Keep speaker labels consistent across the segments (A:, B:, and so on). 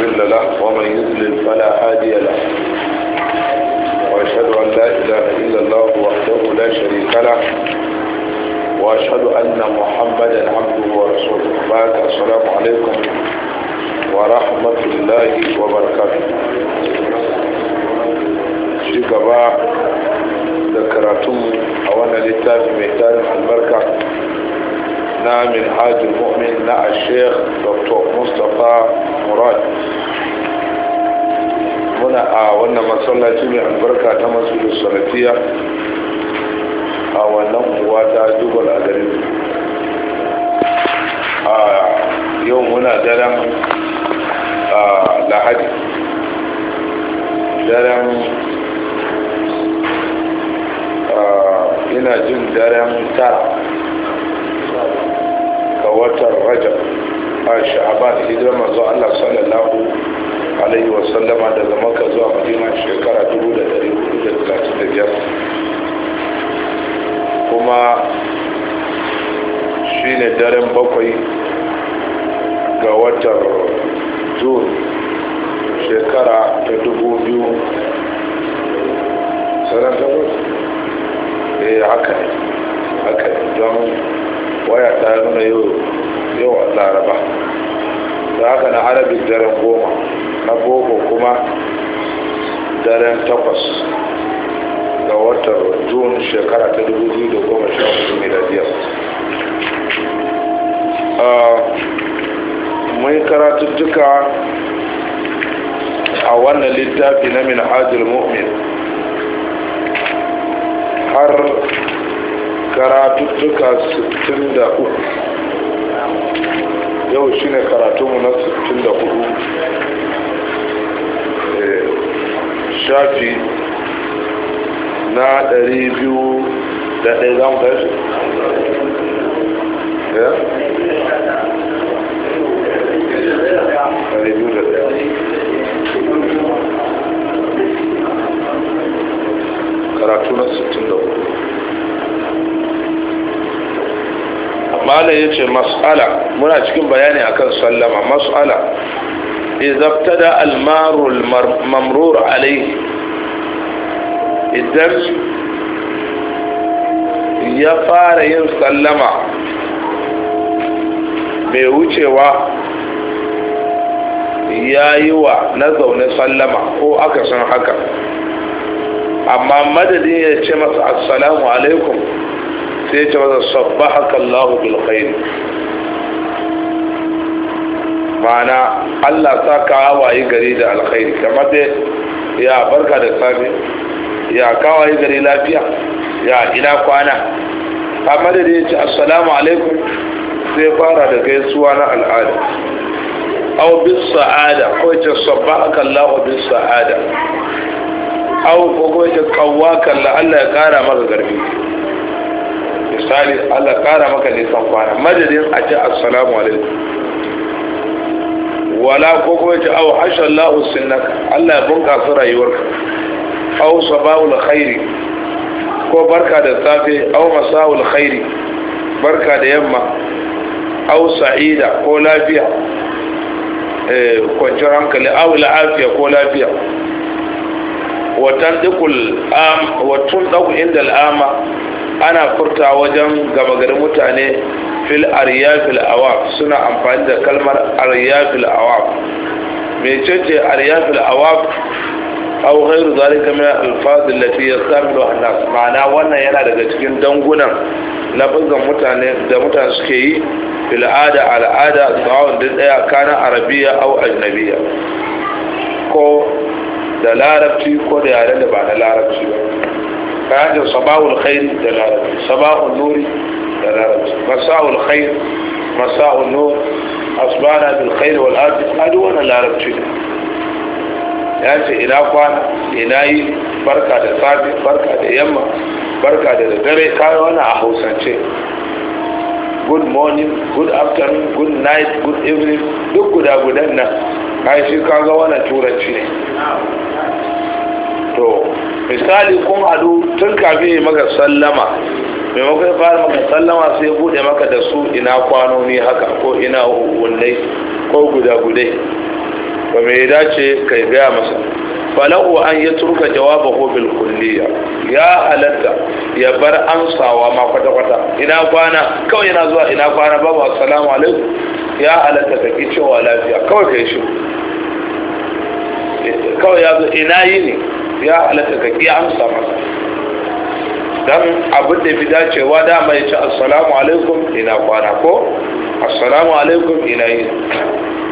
A: مضل له ومن يضلل فلا هادي له واشهد ان لا اله الا الله وحده لا شريك له واشهد ان محمدا عبده ورسوله بعد السلام عليكم ورحمه الله وبركاته شكرا ذكرتم da karatunmu a wannan littafi mai tarin albarka na min hajji mu'min na murad muna a wannan masallaci mai albarka ta masjidin salafiya a wannan uwa ta jubal a garin a yau muna daren lahadi daren ina jin daren tara ga watan rajab a sha'aban hijirar manzo Allah sallallahu alaihi wa sallama da daga ka zuwa madina shekara 1435 kuma shine daren bakwai ga watan jun shekara ta 2000 sanar da eh haka ne haka ne don waya ta nuna yau yau a laraba da haka na arabin daren goma na goma kuma daren takwas ga watan jun shekara ta 2014 miladiyar mai karatuttuka a wannan littafi na min hajjul mu'min har karatuttuka 63 yau shi ne karatunmu na 64 eh, shafi na 200 da ɗaya za mu eh? ya? mala ya ce mas'ala muna cikin bayani akan sallama mas'ala da almarul mamrur alaihi idan ya fara yin sallama mai wucewa ya yi wa na zaune sallama ko aka san haka amma madadin ya ce masa assalamu alaikum sai ya ce sabba sabbahaka Allahu bil khair ma'ana Allah sa ka gari da alkhairi kamar da ya barka da sami ya kawai gari lafiya ya ina kwana amma da ya ce assalamu alaikum sai fara da gaisuwa na al'ada aw bis sa'ada ko ce sabbaka Allah bis sa'ada aw ko ko ce kalla Allah ya kara maka garbi misali Allah kara maka nisan kwana madadin a ce assalamu alaikum wala ko kuma ce au hasha Allahu sunnaka Allah ya bunkasa rayuwarka au sabahul khairi ko barka da safe au masahul khairi barka da yamma au sa'ida ko lafiya eh, kwanciyar hankali au la'afiya ko lafiya watan dukul am watun daku inda al'ama ana furta wajen gaba garin mutane fil aryafil awaf suna amfani da kalmar aryafil awaf mecece aryafil awaf au ghairu zalika min alfaz allati yastamilu an-nas ma'ana wannan yana daga cikin dangunan lafazan mutane da mutane suke yi fil ada al'ada sawun da daya kana arabiya au ajnabiya ko da larabci ko da yaren da ba na larabci ba kayan sabahul khair da larabci sabahul nuri da larabci masa'ul khair masa'ul nur asbana bil khair wal adi adu wannan larabci ya ce ina kwana ina yi barka da safe barka da yamma barka da dare kayan wannan a hausance good morning good afternoon good night good evening duk guda gudan nan kai shi kaga wannan turanci ne to misali kun haɗu tun kafin yi maka sallama maimakon fara maka sallama sai bude maka da su ina kwanoni haka ko ina wunnai ko guda-gudai ba mai dace kai gaya masa falahu an ya turka jawaba ko bil kulliya ya halatta ya bar amsawa ma kwata-kwata ina kwana kawai yana zuwa ina kwana babu assalamu alaikum ya halatta ka ki cewa lafiya kawai kai shi kawai ya zo ina yi ne ya halatta ka iya amsa masa don abin da fi dacewa dama ya ce assalamu alaikum ina kwana ko assalamu alaikum ina yi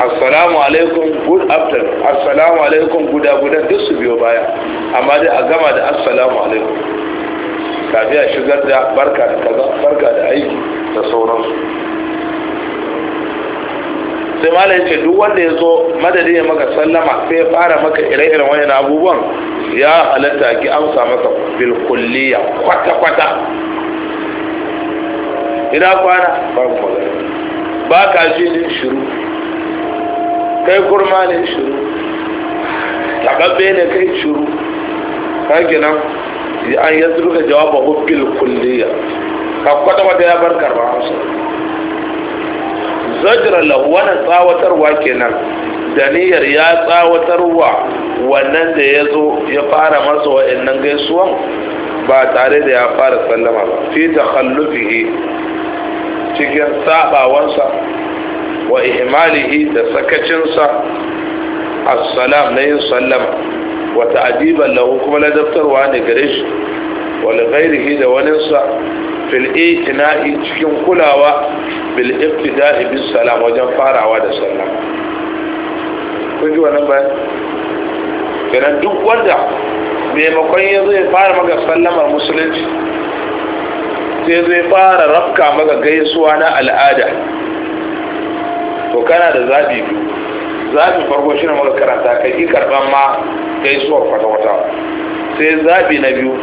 A: assalamu alaikum good after assalamu alaikum guda guda duk su biyo baya amma dai a gama da assalamu alaikum kafin a shigar da barka da kaza barka da aiki da sauransu sai malai ce duk wanda ya zo madadi ya maka sallama sai ya fara maka ire-iren wani abubuwan ya halatta ki amsa maka bil kulliya kwata-kwata ina kwana babu magana ba ka ji ne shiru kai kurma ne shiru tababbe ne kai shiru ka gina an yanzu duka jawaba bil kulliya ka kwata-kwata ya bar karba amsa zajra lahu wannan tsawatarwa kenan da niyyar ya tsawatarwa wannan da ya zo ya fara masa wa'annan gaisuwan ba tare da ya fara sallama ba fi takhallufihi cikin sabawansa wa ihimalihi da sakacinsa assalam na yin sallama wa ta'diban lahu kuma ladabtarwa ne gare shi wani li da waninsa fil itina'i cikin kulawa bil ibtida'i bis salam wajen farawa da sallah kun ji wannan bayan kenan duk wanda maimakon ya zai fara maka sallamar musulunci sai zai fara rafka maka gaisuwa na al'ada to kana da zaɓi biyu zaɓi farko shi ne maka karanta kai ki karɓar ma gaisuwar kwata-kwata sai zaɓi na biyu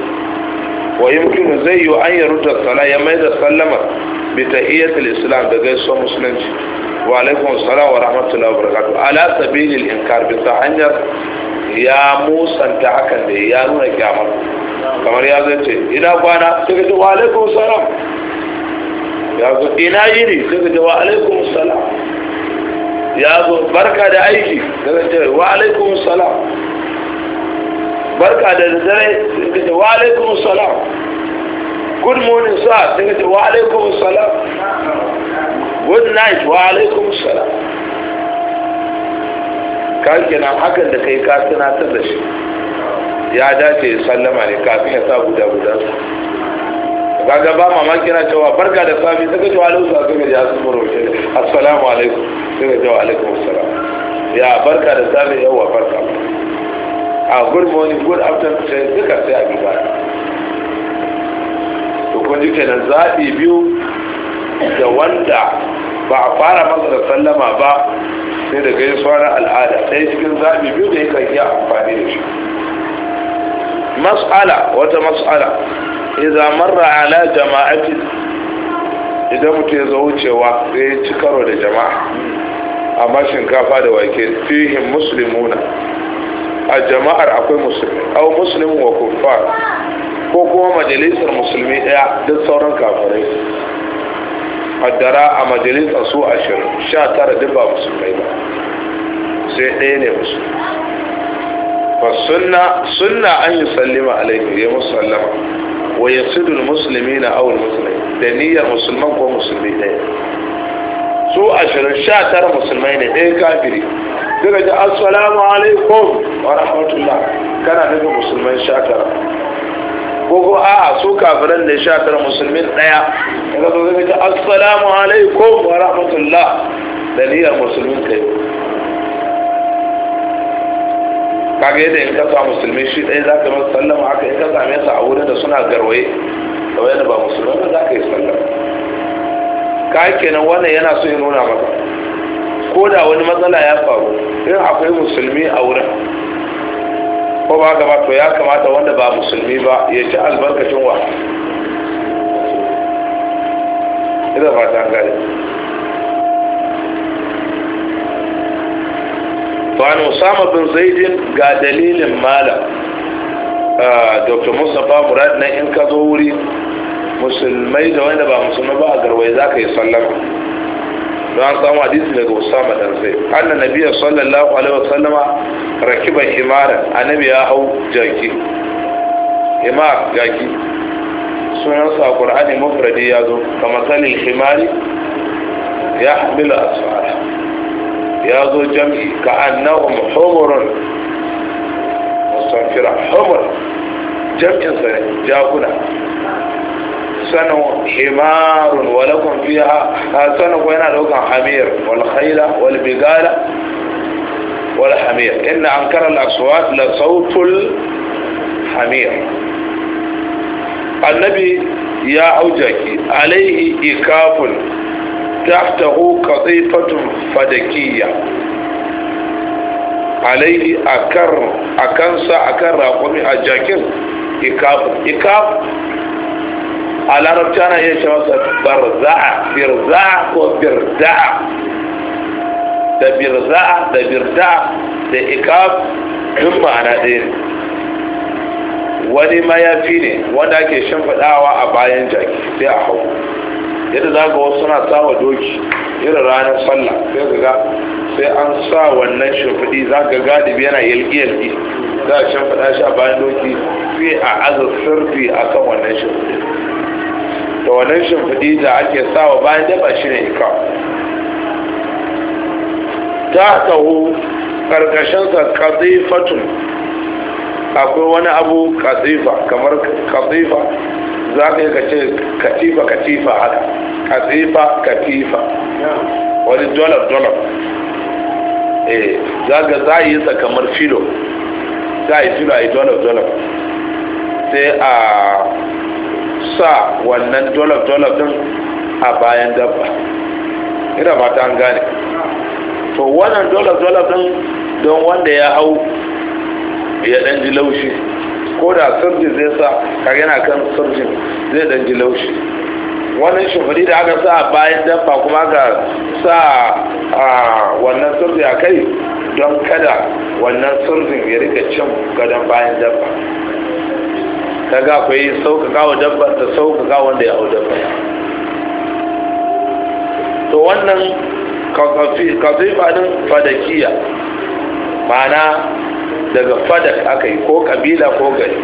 A: wa yumkinu zai yi an yi ya mai da sallama bi tahiyyatul islam da gaisuwar musulunci wa alaikum salam wa rahmatullahi wa barakatuh ala sabilil inkar bi ta ya musanta hakan da ya nuna kyamar kamar ya zai ina kwana sai ka ce wa alaikum ya zo ina ka wa alaikum ya zo barka da aiki wa alaikum barka da dare sun kace wa alaikum salam good morning sir sun kace wa alaikum salam good night wa alaikum salam ka kenan hakan da kai ka tana ta da shi ya dace sallama ne kafin ya sa guda guda kaga ba mama kina cewa barka da sabi suka ce alaikum salam suka ji asu muro ce assalamu alaikum suka ce alaikum assalam ya barka da sabi yawa barka a good morning good afternoon sai duka sai a gida to kun ji kenan zaɓi biyu da wanda ba a fara masa da sallama ba sai da yin na al'ada sai cikin zaɓi biyu da yakan yi amfani da shi mas'ala wata mas'ala idan marra ala jama'atin idan mutum ya zo wucewa sai ya ci karo da jama'a amma shinkafa da wake fihin muslimuna a jama'ar akwai musulmi au muslimin wa kuffar ko kuma majalisar musulmi daya duk sauran kafirai haddara a majalisar su ashirin sha tara duk ba musulmai ba sai ɗaya ne musulmi fa sunna sunna an yi sallima alaihi ya musallama wa yasidul musulmi na awul musulmi da niyyar musulman ko musulmi ɗaya su ashirin sha tara musulmai ne ɗaya kafiri daga ji assalamu alaikum wa rahmatullah kana daga musulman shakara ko ko a su kafiran ne shakara musulmin daya daga zo daga ji assalamu alaikum wa rahmatullah da dalilin musulmin kai kage da in kasa musulmi shi ɗaya za ka yi sallama haka in kasa mai sa a wurin da suna garwaye da wani ba musulmi ba za ka yi sallama ka kenan wannan yana so ya nuna maka ko da wani matsala ya faru in akwai musulmi a wurin ko ba gaba to ya kamata wanda ba musulmi ba ya ci albarkacin wa ina fata gari فعن أسامة بن زيد Dr. دليل مالا دكتور in ka zo wuri musulmai da wanda ba musulmi ba a garwai za ka yi sallama don an samu hadisi daga usama dan zai annan nabiya sallallahu alaihi wasallama rakiba himara annabi ya hau jaki himar jaki sunan sa qur'ani mufradi ya zo kamar masalin himari ya hamilu asfar ya zo jam'i ka annahum humurun mustanfira humur jam'insa sai jakuna حسن حمار ولكم فيها حسن وين لوك حمير والخيل والبقالة والحمير إن أنكر الأصوات لصوت الحمير النبي يا أوجاكي عليه إكاف تحته قطيفة فدكية عليه أكر أكنسى أكر رقمي أجاكي إكاف إكاف a larabci ana iya ce masa barza'a birza'a ko birda'a da birza'a da birda'a da ikaf duk ma'ana ɗaya ne wani mayafi ne wanda ake shimfiɗawa a bayan jaki sai a hau yadda za ga wasu suna sawa doki irin ranar sallah sai ga sai an sa wannan shimfiɗi za ga galibi yana yalƙi-yalƙi za a shimfiɗa shi a bayan doki sai a aza sirfi a kan wannan shimfiɗi da wannan shimfiɗi da ake sawa bayan daba shi ne ka ta tahu ƙarƙashinsa katsifatun akwai wani abu katsifa kamar katsifa za ka yi ka ce katifa katifa haka katsifa katifa wani dolar dolar eh, za ka za yi sa kamar filo za a yi filo a yi dolar dolar sai a sa wannan dolar-dolar din a bayan dabba ina ba ta gane to wannan dolar-dolar din don wanda ya hau ya dan ji laushi ko da sirji zai sa ka yana kan sirjin zai dan ji laushi wannan shafari da aka sa a bayan dabba kuma ga sa a wannan sirji a kai don kada wannan sirjin ya rika cin gadon bayan dabba kaga akwai sauƙaƙa wa dabba ta sauƙaƙa wanda ya hau dabba to wannan kafifa din fadakiya mana daga fadak aka yi ko kabila ko gari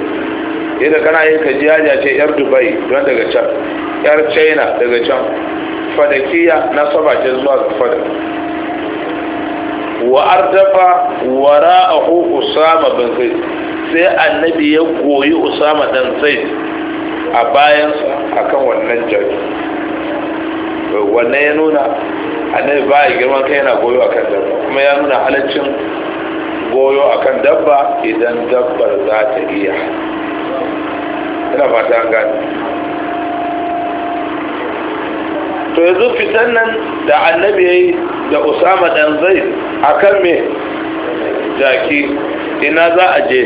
A: yadda kana yin ka jiyaya ce yar dubai don daga can yar china daga can fadakiya na saba ce zuwa ga fadak wa ardafa a usama bin zai sai annabi ya goyi usama dan zai a bayansa akan wannan jari wannan ya nuna annabi ba a girman kai yana goyo akan dabba kuma ya nuna halaccin goyo akan dabba idan dabbar za ta iya ina fata an gani to yanzu fitan nan da annabi ya yi da usama dan zai akan me jaki ina za a je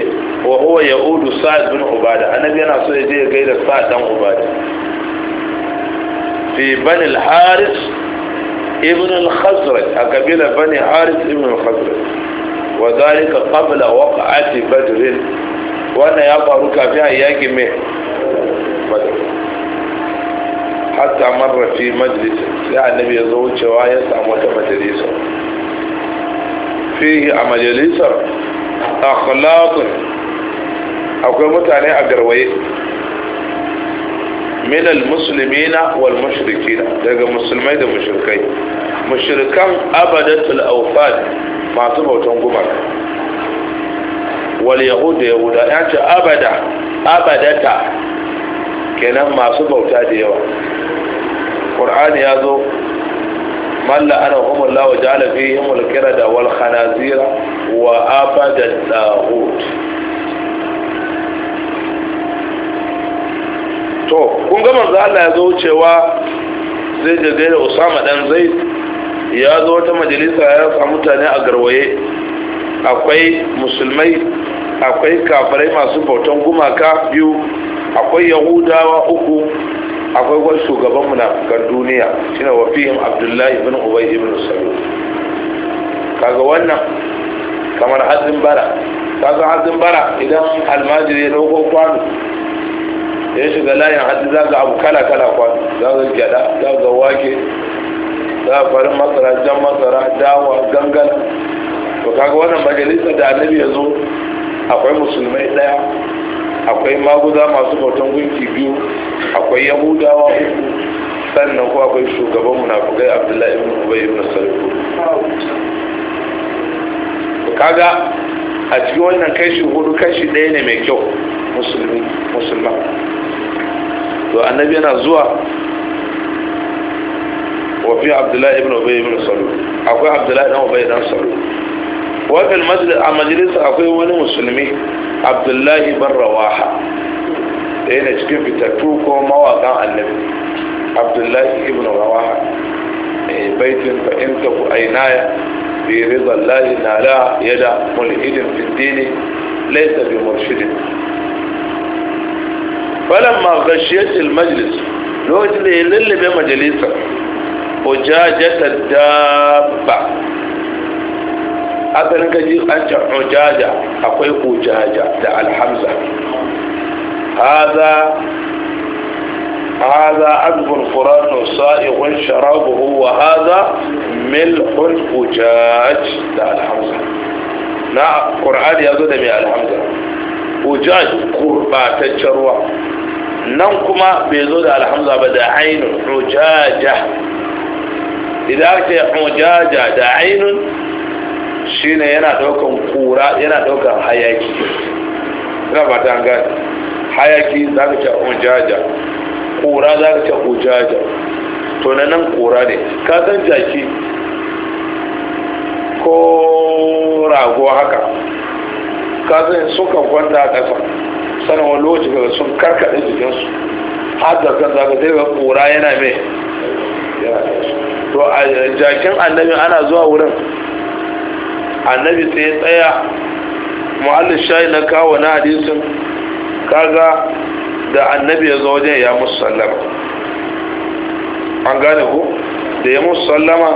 A: wa huwa ya'udu sa'ad bin ubada annabi yana so ya je ya gaida sa'ad dan ubada fi bani al-haris ibn al-khazraj a kabila bani haris ibn al-khazraj wa zalika qabla waqa'ati badr wa wannan ya faru kafin a yaki me badr hatta marra fi majlis sai annabi ya zo cewa ya samu wata majalisa fihi a majalisar akhlaqun akwai mutane a garwaye minal musulmi na wal mushrikina daga musulmai da mushrikai mushrikan abadatul awfad masu bautan gumaka wal yahuda yahuda ya ce abada abadata kenan masu bauta da yawa qur'ani ya zo man la'ana humul la wa ja'ala fihim al-qirada wal khanazira wa abada al to kun ga manzo Allah ya zo cewa zai je da Usama dan Zaid ya zo ta majalisa ya samu mutane a garwaye akwai musulmai akwai kafirai masu bautan gumaka biyu akwai yahudawa uku akwai wani shugaban munafikan duniya shine wafihim abdullahi ibn ubay ibn salul kaga wannan kamar hazin bara kaga hazin bara idan almajiri ya dauko kwano ya shiga layin hajji za ga abu kala kala kwano za ga gyada za ga wake za ga farin masara jan masara dawa gangana to kaga wannan majalisar da annabi ya zo akwai musulmai daya akwai maguza masu bautan gunki biyu akwai yahudawa uku sannan ko akwai shugaban munafukai abdullahi ibn ubay ibn salul kaga a cikin wannan kashi hudu kashi ɗaya ne mai kyau musulmi musulman to annabi yana zuwa wafi abdullahi ibn ubay ibn salu akwai abdullahi ibn ubay ibn salu wa fil majlis a majalisa akwai wani musulmi abdullahi ibn rawaha ɗaya ne cikin fitattu ko mawaƙan annabi abdullahi ibn rawaha eh, baitin fa ta ku ainaya برضا الله نالا يدع ملحد في الدين ليس بمرشد فلما غشيت المجلس لوجل للي بمجلسه حجاجة الدابة أبن gaji أنت حجاجة أقول حجاجة دع الحمزة هذا هذا عذب القرآن صائغ شرابه وهذا ملح أجاج لا الحمزة لا قرآن يزود من الحمزة أجاج قربة الشروع ننكما بيزود الحمزة بدا عين أجاجة إذا أكت أجاجة دا عين shine yana daukan kura yana daukan hayaki ina ba ta gani hayaki za ka ce ujaja kora za ka ce ujaja oh, to na nan kora ne ka san jaki ko rago haka ka san ka kwanta a ƙasa sanin wani lokaci ga sun karkaɗe jikinsu har da kan ka sai ga kora yana mai to a jakin annabi ana zuwa wurin annabi sai ya tsaya mu'allin shayi na kawo na hadisin kaga da annabi ya zo wajen ya musu sallama an gane ku da ya musu sallama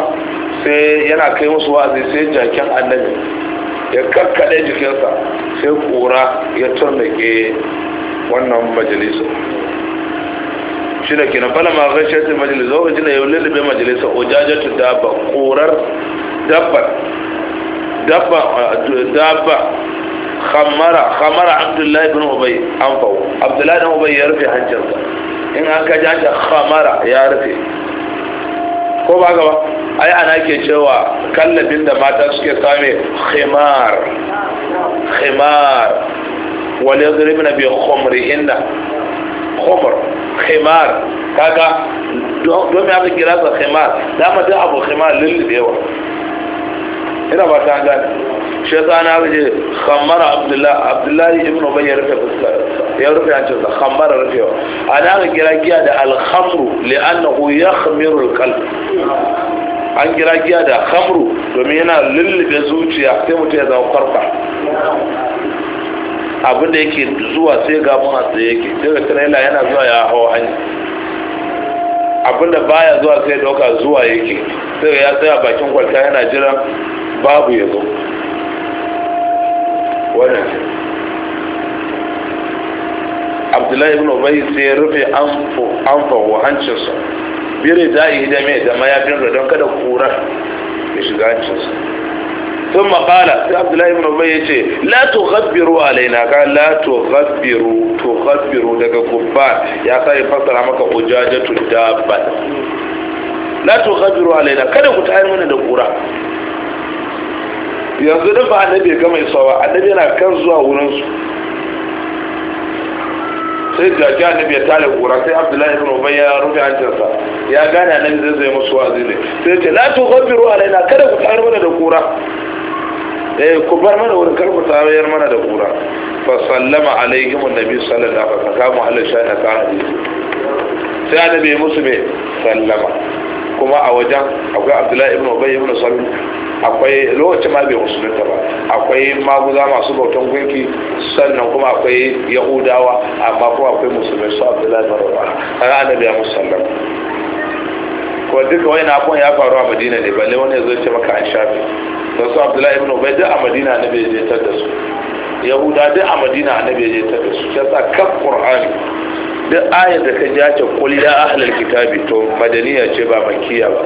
A: sai yana kai musu wa'azi sai jakin annabi ya kakkaɗe jikinsa sai kura ya turnake wannan majalisa shi da kenan fala ma gashi ta majalisa wajen jina yau lullube majalisa ujajatu dabba kurar dabba dabba khamara khamara abdullahi bin ubay an abdullahi bin ubay ya rufe hancinsa in an ka ji khamara ya rufe ko ba gaba ai ana ke cewa kallabin da mata suke same khimar khimar wal yadribna bi inna khumr khimar kaga don me aka kira sa khimar dama da abu khimar lillibewa ina ba ta gane shekana yasa na khammara abdullahi abdullahi ibn ubay rafi rufe ya rufe hancin sa khammara ana ga kira giya da alhamru li'annahu yakhmiru alqalb an kira giya da khamru domin yana lullube zuciya sai mutum ya zama farka da yake zuwa sai ga mun tsaye yake daga ga yana zuwa ya hawa abin da baya zuwa sai dauka zuwa yake sai ya tsaya bakin kwalta yana jiran babu ya zo wannan ce abdullahi ibn ubayi sai ya rufe anfa wa hancinsa bire da yi da mai da mayafin da don kada kura ya shiga hancinsa sun makala sai abdullahi ibn ubayi ya ce la a alaina ka la to tughabbiru daga gubban ya sai fasara maka ujajatu dabbat la a alaina kada ku tayar mana da kura yanzu da ba annabi ya gama isawa annabi yana kan zuwa wurin su sai jaki annabi ya tale kura sai abdullahi ibn ubay ya rufe hancinsa ya gane annabi zai zai musu wazi ne sai ce la tughfiru alaina kada ku tayar mana da kura eh ku bar mana wurin kar ku tayar mana da kura fa sallama alaihim annabi sallallahu alaihi wasallam kama Allah shi na kan sai annabi musu me sallama kuma a wajen akwai abdullahi ibn ubay ibn salul akwai lokacin ma bai musulunta ba akwai maguza masu bautan gunki sannan kuma akwai yahudawa amma kuma akwai musulmai su abdullahi bin rawa har annabi ya musallam ko duka wani abun ya faru a madina ne balle wani zai ce maka an shafe don su abdullahi ibn ubay duk a madina annabi ya je tar da su yahuda duk a madina annabi ya je tar da su yasa kan qur'ani duk ayar da ka ji ce kul ya ahlul kitabi to madaniya ce ba makiya ba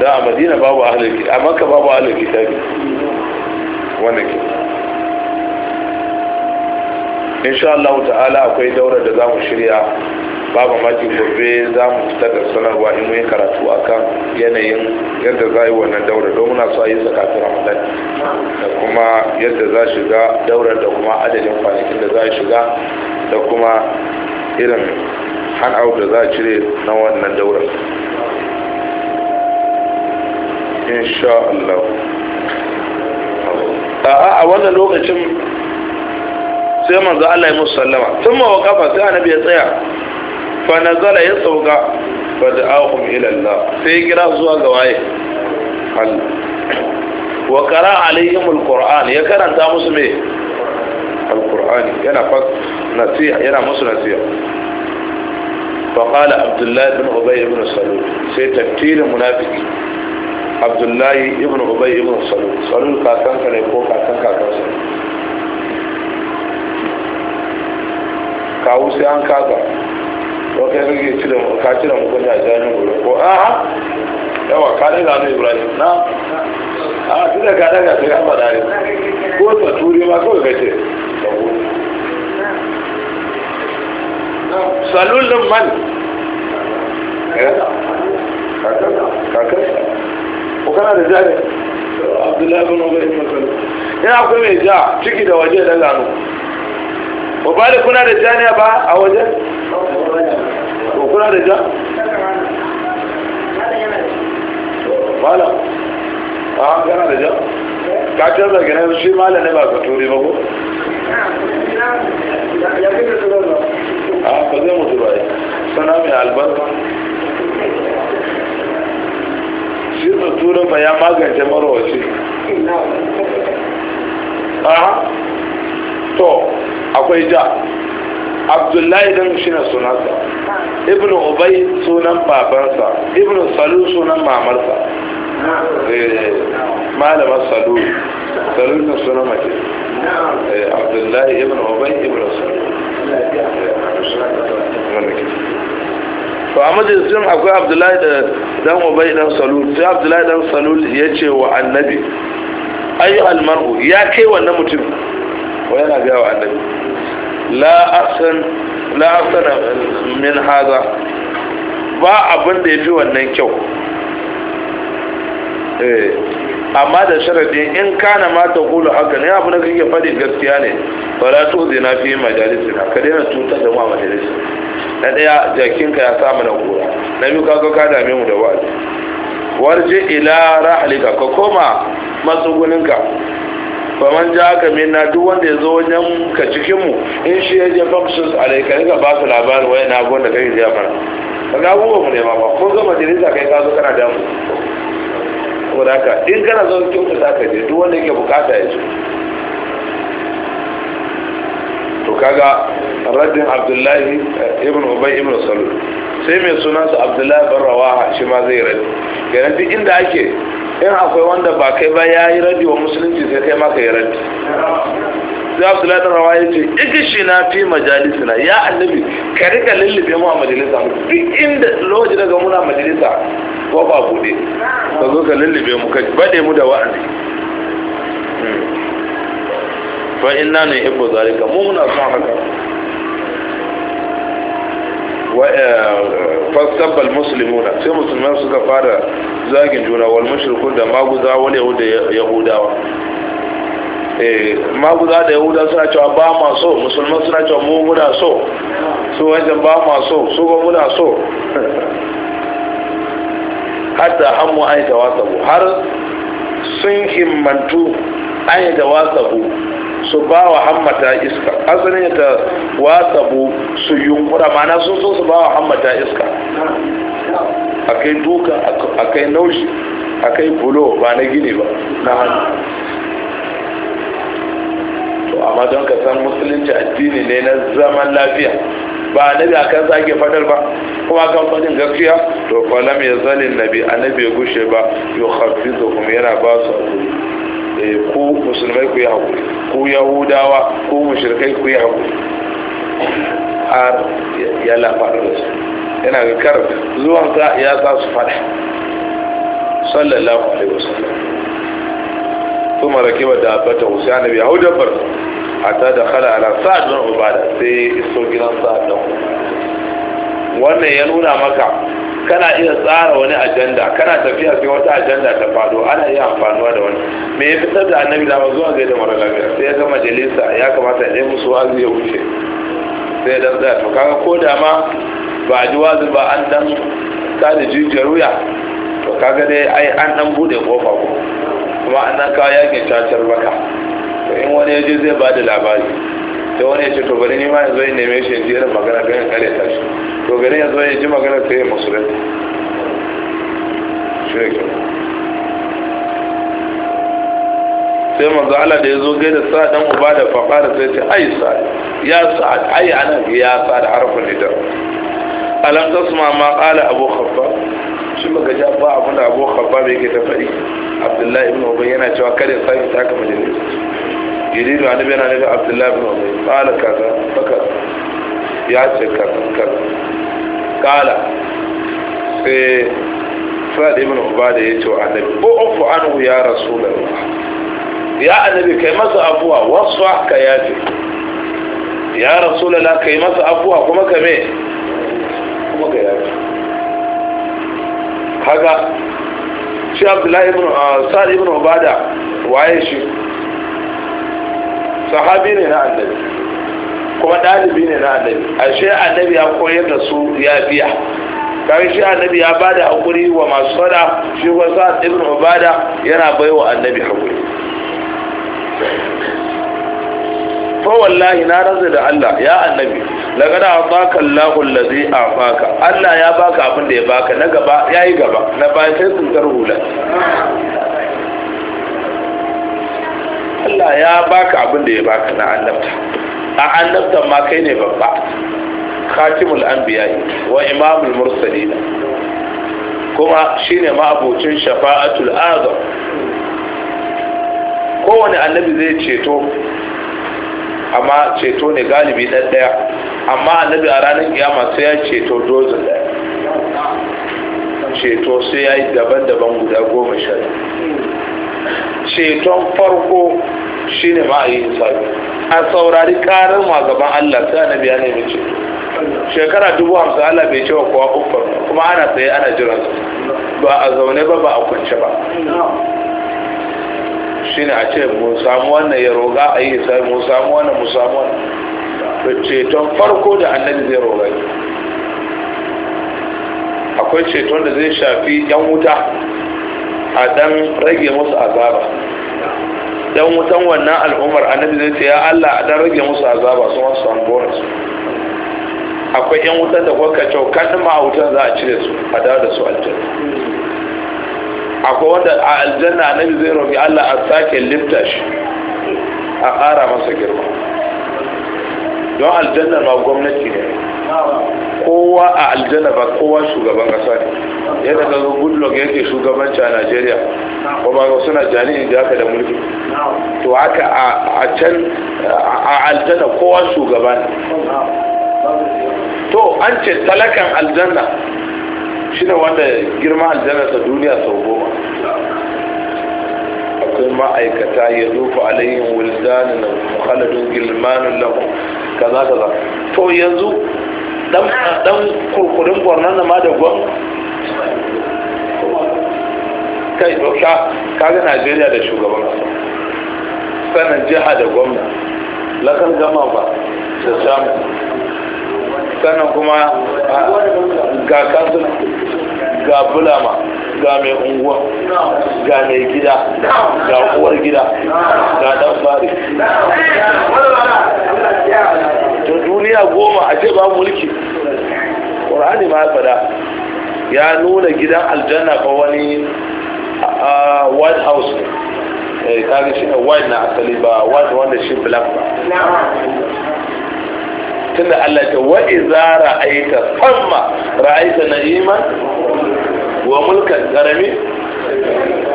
A: da a madina babu ahalar a maka babu ta ne wanda ke insha Allah ta'ala akwai daura da zamu shirya babu maki gobe za mu fitar da sanarwa in mun karatu akan yanayin yadda za yi wannan daura don muna so a yi kafin ramadan da kuma yadda za shiga daurar da kuma adadin kwanakin da za shiga da kuma irin han'au da za a cire na wannan daurar insha Allah a wannan lokacin sai manzo Allah ya musu sallama tun ma wakafa sai annabi ya tsaya fa nazala ya sauka fa da'ahum ila Allah sai kira zuwa ga waye Allah wa qara alaihim alquran ya karanta musu me alqurani yana fas nasiha yana musu nasiha fa qala abdullah ibn ubay ibn salul sai tafsir munafiki abdullahi ibn ubay ibn salul salul kakanka ne ko kakan kakansa kawu sai an kaga ko kai ke cire ka cire mu kunya jami'in gurin ko a yawa ka daga hannu ibrahim na a tunda ka daga sai ka faɗa ne ko ta turi ma kawai ka ce salulun man eh? kakansa ko kana da ja ne abdullahi ina akwai mai ja ciki da waje da gano ba da kuna da ja ne ba a waje ko kuna da ja malam a kana da ja ka canza gane shi malam ne ba ka turi ba ko a ba zai mutu ba ya sana albarka shi suturin ba ya magance marwaci aha to akwai ja abdullahi dan shi na sunansa ibn ubay sunan babansa ibn salu sunan mamarsa eh, malamar salu salu na sunan mace eh, abdullahi ibn ubay ibn salu eh, to a majalisun akwai abdullahi da dan ubay dan salul sai abdullahi dan salul ya ce wa annabi ayi almar'u ya kai wannan mutum wa yana ga wa annabi la ahsan la ahsana min haza ba abin da yafi wannan kyau eh amma da sharadi in kana ma ta kula haka ne abu na kake faɗi gaskiya ne ba za tu zina fi majalisina ka daina tutar da mu a majalisina na daya jakinka ya samu na kura na biyu kaga ka dame mu da wa'azi warje ila rahlika ka koma matsuguninka man ja ka minna duk wanda ya zo wajen ka cikin mu in shi ya je functions alaika ka ba su labarin wai na gonda kai zai fara ka ga abubuwan mu ne ma ba ko ga majalisa kai ka zo kana da mu saboda haka in kana zo kyautu za ka je duk wanda yake bukata ya zo to kaga raddin abdullahi eh, ibn ubay ibn salul sai mai sunansa abdullahi bin rawaha shi ma zai radi kenan duk inda ake in akwai wanda ba kai ba ya yi radi wa musulunci sai kai ma ka yi raddi sai abdullahi bin rawaha ya ce igishi na fi majalisina ya annabi ka rika lullube mu a majalisa duk inda lokaci daga muna majalisa ko ba buɗe ka zo ka lullube mu ka bade mu da wa'azi hmm. fa inna ne ibu zalika mu muna son haka eh, fastabbal muslimuna sai musulman suka fara zagin juna wal mushrikun da maguza wal yahuda yahudawa eh maguza da yahuda suna cewa ba ma so musulman suna cewa mu muna so su wajen ba ma so su ba muna so hatta hamu ayi da wasabu har sun himmantu ayi da wasabu su ba wa hammata iska asalin ta watsabu su yunkura mana sun so su ba wa hammata iska a kai duka a kai naushi a kai bulo ba na gini ba na hannu to amma don ka san musulunci addini ne na zaman lafiya ba a kan zage fadar ba kuma kan fadin gaskiya to falam ya zalin nabi annabi ya gushe ba yau kuma yana ba su Eh, ku musulmai ku yi haƙuri ku yahudawa ku mushrikai ku yi haƙuri har ya lafaɗa da su yana ga kar zuwansa ya sa su faɗa sallallahu alaihi wasallam kuma rakiba da abata wasu ya biya hau dabbar ta da khala ala sa'ad bin ubada sai iso gidan sa'ad dan wannan ya nuna maka kana iya tsara wani ajanda kana tafiya sai wata ajanda ta faɗo ana iya amfanuwa da wani me ya fitar da annabi da zuwa zai da mara lafiya sai ya ga majalisa ya kamata ya musu wazi ya wuce sai ya dan to kaga ko da ma ba ji wazi ba an dan da jijiyar wuya to kaga dai ai an dan bude kofa ko kuma an dan kawo yakin cacar baka to in wani ya je zai ba da labari sai wani ya ce to bari ni ma yanzu ya neme shi ji irin magana don ya kare ta shi to gari yanzu ya ji magana sai ya musulunta shi ne sai manzo Allah da ya zo gaida sa dan uba da da sai ce ai sa ya sa ai ana ya sa da harfin lidar alam tasma ma qala abu khaffa shi baka ja ba abin da abu khaffa bai ke ta abdullahi ibn ubay yana cewa kare sai ta ka majalis yuridu annabi yana nufin abdullahi bin umar qala ya ce kaza kaza qala sai sa'ad ibn ubada ya ce wa annabi ko ufu anhu ya rasulullah ya annabi kai masa abuwa wasfa ka yafi ya rasulullah kai masa abuwa kuma ka me kuma ka yafi kaga shi abdullahi ah, shi sahabi ne na annabi kuma ɗalibi ne na annabi ashe annabi ya koyar da su ya biya kawai shi annabi ya bada hakuri wa masu sada shi kuma sa ibn ubada yana baiwa annabi hakuri fa wallahi na razu da Allah ya annabi laqad ataka Allahu allazi afaka Allah ya baka abin da ya baka na gaba yayi gaba na bayan sai sun tarhula Allah ya baka abin da ya baka na annabta a annabta ma kai ne babba khatimul anbiya wa imamul mursalin kuma shine ma abocin shafa'atul azam kowane annabi zai ceto amma ceto ne galibi ɗan ɗaya amma annabi a ranar kiyama sai ya ceto dozin ɗaya ceto sai ya yi daban-daban guda goma sha ceton farko shine ma a yi hisabi a saurari karar ma gaban Allah sai annabi ya nemi ce shekara dubu hamsin Allah bai cewa kowa uffar kuma ana tsaye ana jiran ba a zaune ba ba a kwance ba shine a ce mu samu wannan ya roga a yi hisabi mu samu wannan mu samu wannan ceton farko da annabi zai roga akwai ceton da zai shafi yan wuta a dan rage musu azaba dan wutan wannan al'ummar annabi zai ce ya Allah a dan rage musu azaba su wasu an bora su akwai yan wutan da kuka kacau kadin ma a wutan za a cire su a dawo da su aljanna akwai wanda a aljanna annabi zai roƙi Allah a sake lifta shi a ƙara masa girma don aljanna ma gwamnati ne kowa a aljanna ba kowa shugaban kasa ne yadda ka zo goodluck yake shugabanci a najeriya ko ba ga suna jani da aka da mulki to haka a can a aljanna kowa shugaba ne to an ce talakan aljanna shi ne wanda girma aljanna ta duniya sau goma akwai ma'aikata ya zufa alayhin na mukhaladun gilmanin lahu kaza kaza to yanzu dan kurkurin gwarnan na ma da gwan kai doka kaga najeriya da shugaban ƙasa sanin jiha da gwamna lakan gama ba da samu sannan kuma ga kasu ga bulama ga mai unguwa ga mai gida ga uwar gida ga ɗan fari tun duniya goma a ce ba mulki ƙorani ma fada ya nuna gidan aljanna ba wani white house ne eh, kari shi ne white na asali ba white wanda shi black ba tun da allah ta wa'i za ra'aita samma ra'aita iman wa mulkan karami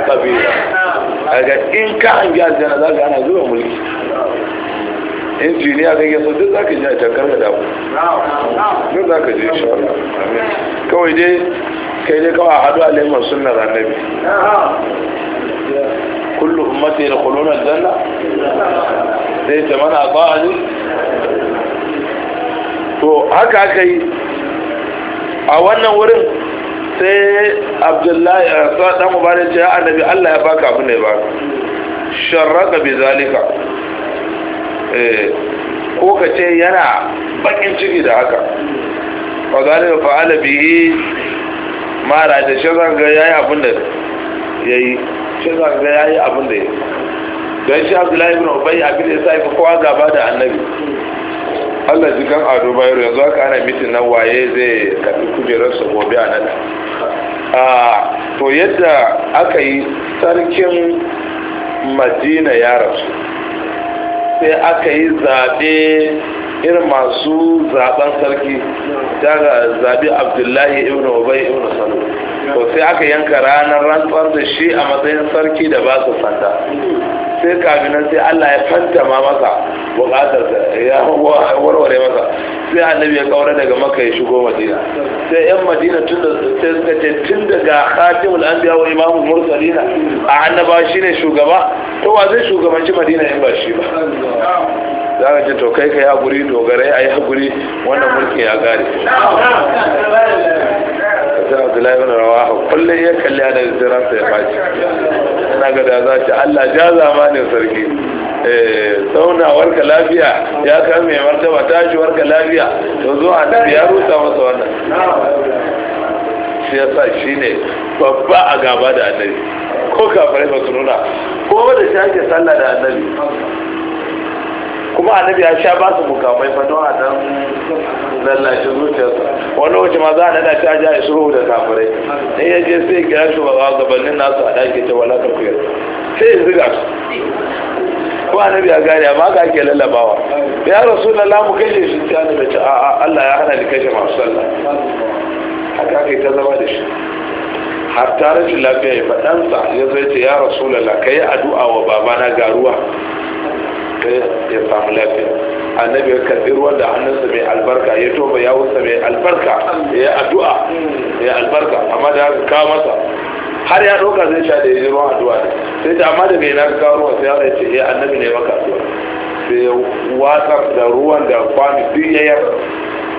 A: kabila daga in ka hangi jana za ka ana zuwa mulki injiniya kan yaso duk za ka ji a jakar da damu duk za ka ji insha Allah kawai dai kai dai kawai a haɗu a leman sunnar annabi kullu ummati yadkhuluna al-janna sai ta mana ba ba'ani to haka aka yi a wannan wurin sai abdullahi a eh, sa dan mubarak ya annabi Allah ya baka abu ne ba. baka sharraka bi zalika Eh, ko ka ce yana bakin ciki da haka ba za ne fa'ala bihi mara da shi zan ga yayi abin da yayi shi zan ga yayi abin da yayi dan shi Abdullahi ibn Ubay abin da sai kowa gaba da Annabi Allah ji kan ado bayar yanzu aka ana mitin nan waye zai karbi kujerar sa gobe a nan to yadda aka yi sarkin Madina ya rasu sai aka yi zaɓe irin masu zaɓen sarki daga zaɓe abdullahi ibn ubai ibn salu to sai aka yanka ranar rantsar da shi a matsayin sarki da ba su sanda sai kafin nan sai Allah ya fanta ma masa bukatar ya warware masa sai annabi ya kaura daga maka ya shigo madina sai yan madina tun da sai suka ce tun daga khatimul anbiya wa imamu mursalina a annaba shine shugaba to wa zai shugabanci madina in ba shi ba za ka ce to kai ka ya guri dogare a ya guri wannan mulki ya gare sai abdullahi bin rawaha kullum ya kalli a da ziransa ya faci na ga da za shi Allah ja zamanin sarki saunawar eh, ka lafiya ya kame martaba tashiwar ka lafiya to zo a nan ya rusa masa wannan shi ya sa shi ne babba a gaba da annabi ko kafare ba su nuna ko da shi ake sallah da annabi kuma annabi ya sha ba su mukamai fa don a dan lallace zuciyarsa wani lokaci ma za a nada ta ja isro da kafirai in ya je sai kira shugaba gabanin nasu a dake ta wala kafiyar sai ya ziga su kuma annabi ya gari amma ga ake lallabawa ya rasu na lamu kashe shi ta da ce a'a Allah ya hana ni kashe masu sallah haka kai ta zama da shi har tare da lafiya ya faɗansa ya zai ce ya rasu lalla ka yi addu'a wa babana garuwa sai ya samu lafiya annabi karbi ruwan da hannunsa mai albarka ya toba yawunsa mai albarka ya addu'a ya albarka amma da haka kawo masa har ya ɗauka zai sha da ya ruwan addu'a ne sai ta amma da bai na kawo ruwan sai ya ce ya eh, annabi ne maka addu'a sai ya watsar da ruwan da kwami duk ya yar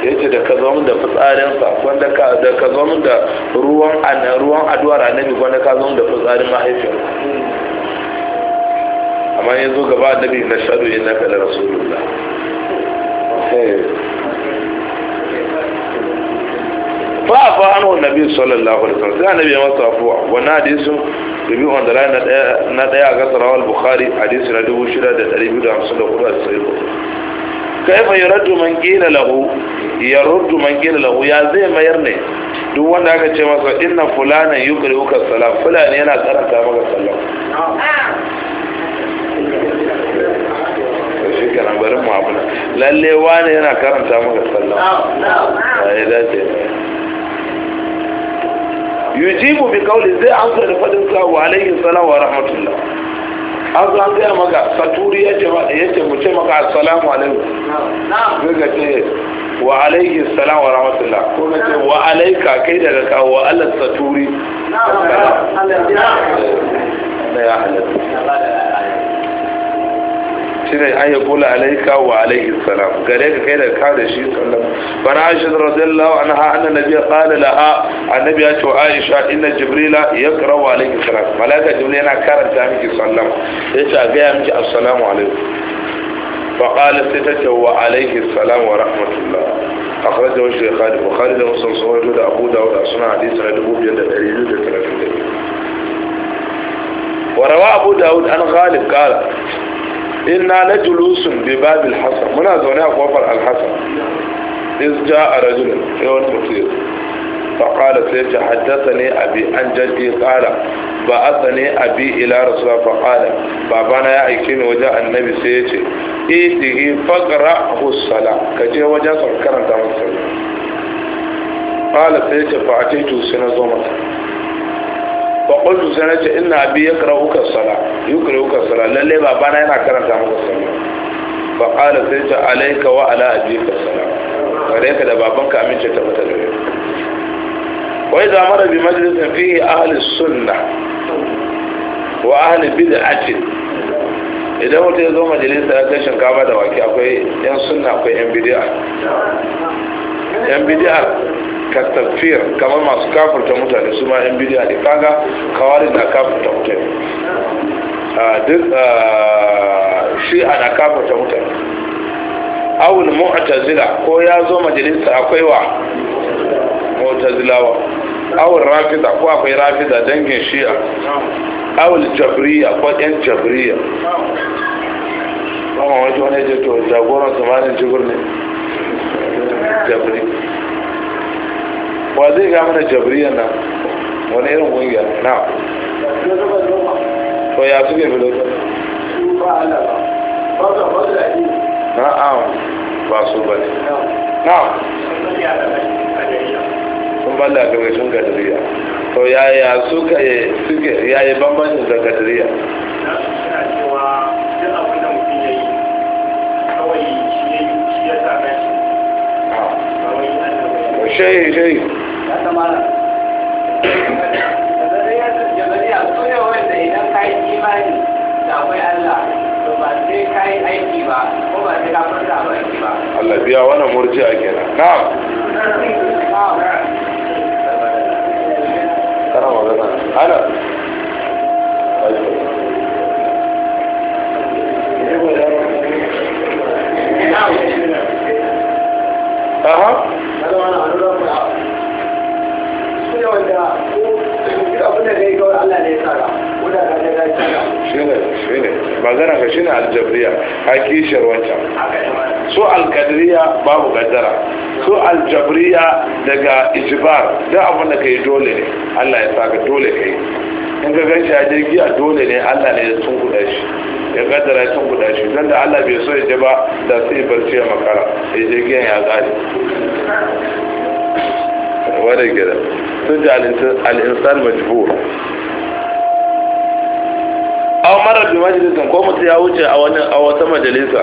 A: ya ce da ka zo da fitsarinsa wanda da ka zo da ruwan ruwan addu'ar annabi wanda ka zo da fitsarin mahaifiyarsa amma ya zo gaba annabi na shaɗu ya naka da rasulullah eh. fa'afa an wa nabi sallallahu alaihi wasallam sai annabi ya masa afuwa wani hadisin domin wanda rai na daya a gasar rawar bukhari hadisi na 6,254 a tsaye kaifa ya raddu man gina lahu ya raddu man gina lahu ya zai mayar ne duk wanda aka ce masa inna fulana yukri uka salam fulani yana karanta maka salam shi kenan bari mu abu lalle wani yana karanta maka sallama ya dace yujibu bi kauli zai amsa da fadin sa wa alaihi salam wa rahmatullah an zo an gaya maka saturi ya ce mu ce maka assalamu alaikum zai ga ce wa alaihi salam wa rahmatullah ko na ce wa alaika kai daga ka wa ala saturi assalamu ya halatta شنو ايه يقول عليك وعليه السلام قالك كيف كان شيء سلم فراشد رضي الله عنها ان النبي قال لها النبي اتو عائشة ان جبريل يقرا عليك السلام ملائكه جبريل انا كان تامك سلم ايش اجي امك السلام عليكم فقال ستة وعليه السلام ورحمة الله أخرج وجه خالد وخالد وصل صور جود أبو داود أصنع حديث عن أبو بيد الأريد وروى أبو داود أن غالب قال inna na julusun bi babil hasan muna zaune a kofar alhasan. is ja a rajulun yawon tafiya faƙala sai ce haddasa ne a bi an jaddi ƙara ba a a bi ila rasuwa faƙala babana ya aiki ne wajen annabi sai ya ce itihi faƙara hussala ka je wajen sarkaranta musulun ƙala sai ce fa'ace tusi na zomata fa qultu sai nace inna abi yakra'uka sala yakra'uka sala lalle baba na yana karanta maka sala fa qala sai ta alayka wa ala abika sala kare ka da babanka amince ta mata gare Wai da mara bi majlisin fihi ahli sunnah wa ahli bid'atin idan mutum ya zo majalisa ya kai shinkafa da wake akwai yan sunna akwai yan bid'a yan bid'a tafiyar kamar masu kafurta mutane su ma yan bidiyar ne kaga kawari na kafurta mutane duk shi ana kafurta mutane awul mu'tazila ko ya zo majalisa akwai wa mu'tazilawa awul rafida ko akwai rafida dangin shi'a awul jabriya ko yan jabriya ba ma wani wani ya to jagoran zamanin jibir ne jabri wa zai ga mana jabriya nan wani irin kungiya na to ya suke bilo na'am ba su ba ne na'am sun balle a gaba sun gadiriya to yaya suka yi suke yayi bambancin da gadiriya shayi shayi na allah biya kenan kana magana ana magana ka shine aljabriya a kishiyar wancan su alkadriya babu gaddara su aljabriya daga ijibar da abin da ka yi dole ne allah ya saka dole ka yi in ka gan shi a jirgi a dole ne allah ne ya da shi ya gaddara ya da shi don da allah bai so ya je ba da sai barci ya makara ya jirgi ya tsari wadda gida sun ji al-insan majbur dakhala bi majlisin ko mutum ya wuce a wani a wata majalisa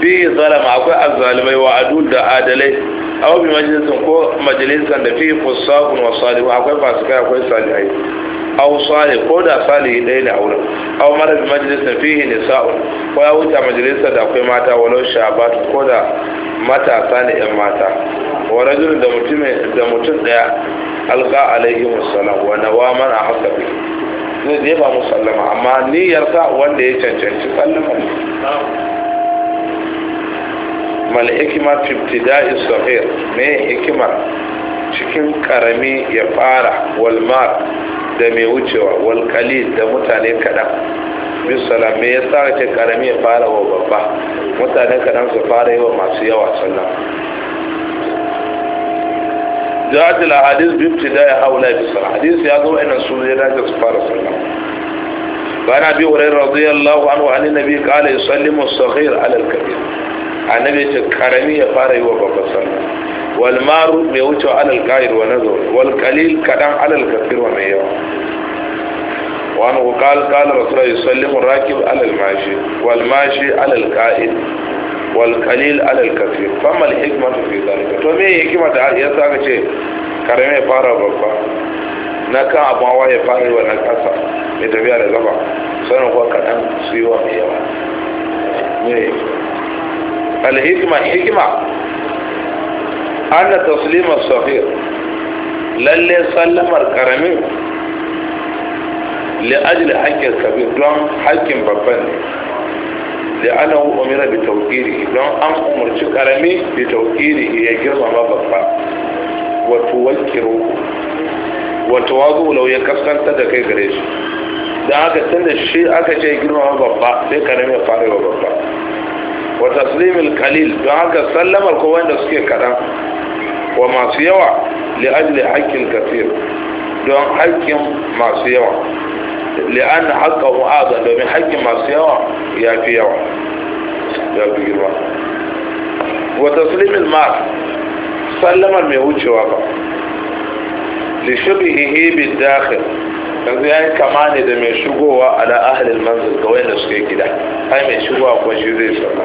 A: fi zalama akwai azalimai wa adul da adalai aw bi majalisa ko majalisa da fi fusaqun wa salih akwai fasika akwai salihai aw salih ko da salih dai ne a wurin aw mara bi majalisa fihi nisa'u ko ya wuce majalisa da akwai mata walau shabat ko da matasa ne yan mata wa rajul da mutum da mutum daya alqa alaihi wassalam wa nawaman a hasabi zai ba mu sallama amma sa wanda ya cancanci sallama ne mal hikima fiftida'i safir me hikimar cikin karami ya fara walmar da mai wucewa walkali da mutane kaɗan bisala me ya sa ce karami ya fara wa babba mutane kaɗan su fara yi masu yawa sallama جاءت الاحاديث بابتداء هؤلاء بالصلاه حديث يا زو ان السنه لا تسفر الصلاه وعن ابي هريره رضي الله عنه عن النبي قال يسلم الصغير على الكبير annabi ce karami ya fara yi wa babban sallah wal maru wuce wa nazar wal qalil kadan alal kafir wa mai yawa wa an qala rakib alal wal qalil ala al kathir fama al hikmatu fi dhalika to me hikima da ya sa ka ce karame fara babba na kan abu hawa ya fara wa na kasa mai tafiya da zama sanin kuwa kaɗan su yi wa mai yawa al hikma hikima anna taslima safir lalle sallamar karamin li ajli hakkin kabir don hakkin babban ne da ana umira bi tawqiri don an umarci karami bi ya girmama babba wa tuwakkiru wa da kai gare shi da aka tunda shi aka ce girmama babba sai karami ya fara wa babba wa taslimil qalil don haka sallamar ko wanda suke kadan wa masu yawa li ajli haqqil kathir don haƙƙin masu yawa li'an haqqahu azan domin haƙƙin masu yawa ya fi yawa ya fi girma wa taslimin ma sallamar mai wucewa ba li shubihi bil dakhil yanzu ya yi kama ne da mai shigowa a da ahalin manzil ga wanda suke gida ai mai shigowa kuma shi zai sallam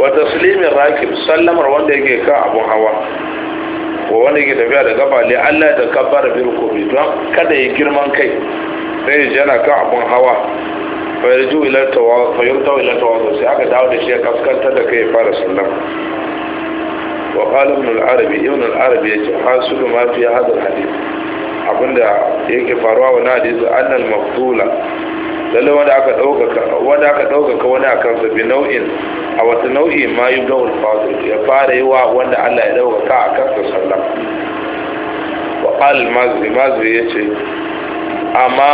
A: wa taslimin rakib sallamar wanda yake kan abun hawa wa wani yake tafiya da gaba ne Allah da kabbara bil kufri don kada ya girman kai sai ya jana kan abun hawa fa yarju ila tawazu fa yurtaw ila tawazu sai aka dawo da shi ya kaskantar da kai ya fara sallah wa qala ibn al-arabi ibn al-arabi yace hasudu ma fi hadha al-hadith abinda yake faruwa wa hadisi annal maqtula lalle wanda aka ɗaukaka wanda aka ɗaukaka wani akan sa bi nau'in a wata nau'i ma yi gawul fadu ya fara yi wa wanda Allah ya ɗaukaka a kan sa sallam wa qal mazri mazri yace amma